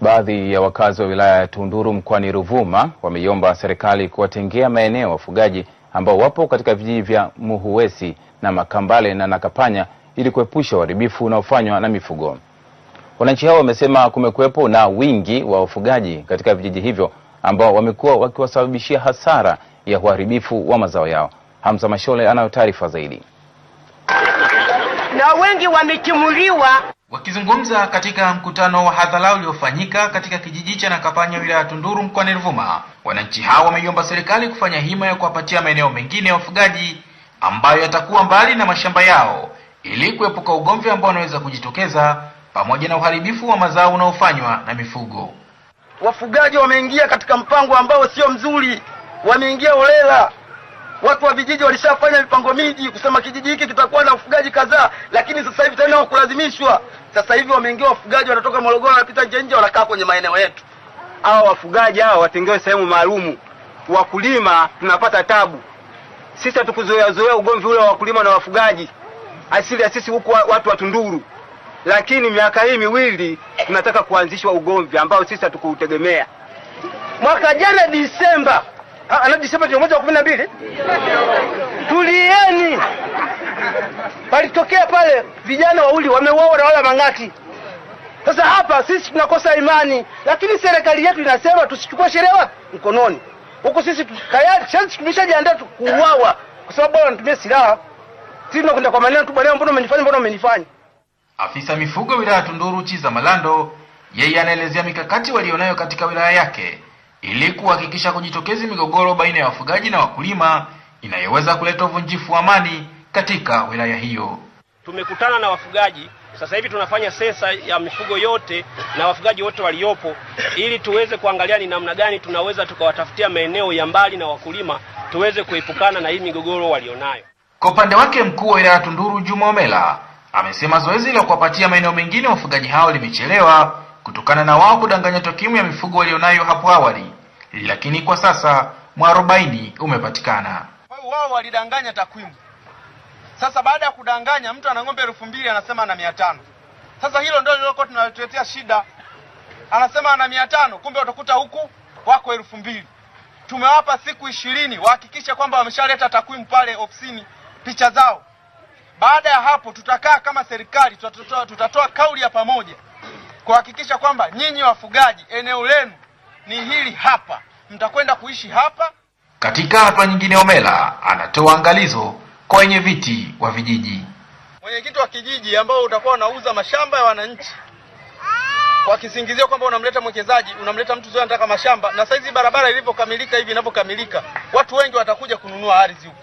Baadhi ya wakazi wa wilaya ya Tunduru mkoani Ruvuma wameiomba serikali kuwatengea maeneo wafugaji ambao wapo katika vijiji vya Muhuwesi na Makambale na Nakapanya ili kuepusha uharibifu unaofanywa na mifugo. Wananchi hao wamesema kumekuwepo na wingi wa wafugaji katika vijiji hivyo ambao wamekuwa wakiwasababishia hasara ya uharibifu wa mazao yao. Hamza Mashole anayo taarifa zaidi. Na wengi wametimuliwa Wakizungumza katika mkutano wa hadhara uliofanyika katika kijiji cha Nakapanya wilaya ya Tunduru mkoani Ruvuma, wananchi hao wameiomba serikali kufanya hima ya kuwapatia maeneo mengine ya wafugaji ambayo yatakuwa mbali na mashamba yao ili kuepuka ugomvi ambao unaweza kujitokeza pamoja na uharibifu wa mazao unaofanywa na mifugo. Wafugaji wameingia katika mpango ambao sio mzuri, wameingia holela Watu wa vijiji walishafanya mipango miji kusema kijiji hiki kitakuwa na ufugaji kadhaa, lakini sasa hivi tena kulazimishwa Sasa hivi wameingia wafugaji wanatoka Morogoro, wanapita nje nje, wanakaa kwenye maeneo yetu. Hawa wafugaji hawa watengewe sehemu maalumu. Wakulima tunapata tabu sisi, hatukuzoea zoea ugomvi ule wa wakulima na wafugaji, asili ya sisi huku watu wa Tunduru, lakini miaka hii miwili tunataka kuanzishwa ugomvi ambao sisi hatukuutegemea. Mwaka jana Disemba na Disemba moja wa kumi na mbili tulieni. Palitokea pale vijana wawili wameuawa na wala mang'ati. Sasa hapa sisi tunakosa imani, lakini serikali yetu inasema tusichukue sheria mkononi, huku sisi tayari tumeshajiandaa kuuawa, kwa sababu bwana anatumia silaha. Sisi tunakwenda kwa maneno tu, bwana, mbona umenifanya, mbona umenifanya. Afisa mifugo wilaya Tunduru Chiza Malando, yeye anaelezea mikakati walionayo katika wilaya yake ili kuhakikisha kujitokezi migogoro baina ya wafugaji na wakulima inayoweza kuleta uvunjifu wa amani katika wilaya hiyo. Tumekutana na wafugaji sasa hivi tunafanya sensa ya mifugo yote na wafugaji wote waliopo, ili tuweze kuangalia ni namna gani tunaweza tukawatafutia maeneo ya mbali na wakulima tuweze kuepukana na hii migogoro walionayo. Kwa upande wake, mkuu wa wilaya ya Tunduru Juma Omela amesema zoezi la kuwapatia maeneo mengine wafugaji hao limechelewa kutokana na wao kudanganya takwimu ya mifugo walionayo hapo awali lakini kwa sasa mwarobaini umepatikana. Kwa hiyo wao walidanganya takwimu. Sasa baada ya kudanganya, mtu ana ng'ombe elfu mbili anasema ana mia tano. Sasa hilo ndio lilokuwa tunaletea shida, anasema ana mia tano, kumbe utakuta huku wako elfu mbili. Tumewapa siku ishirini wahakikishe kwamba wameshaleta takwimu pale ofisini, picha zao. Baada ya hapo, tutakaa kama serikali, tutatoa, tutatoa kauli ya pamoja kuhakikisha kwamba nyinyi wafugaji eneo lenu ni hili hapa, mtakwenda kuishi hapa. Katika hatua nyingine, Omela anatoa angalizo kwa wenye viti wa vijiji. Mwenyekiti wa kijiji ambao utakuwa unauza mashamba ya wananchi kwa kisingizio kwamba unamleta mwekezaji, unamleta mtu zoe anataka mashamba, na saizi barabara ilivyokamilika hivi inavyokamilika, watu wengi watakuja kununua ardhi huko.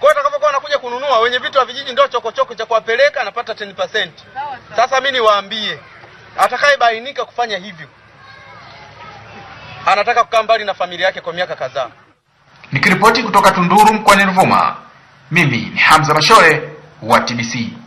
Kwa hiyo atakapokuwa anakuja kununua, wenye vitu wa vijiji ndio chokochoko cha kuwapeleka, anapata 10%. Sasa mimi niwaambie atakayebainika kufanya hivyo anataka kukaa mbali na familia yake kwa miaka kadhaa. Nikiripoti kutoka Tunduru mkoani Ruvuma, mimi ni Hamza mashore wa TBC.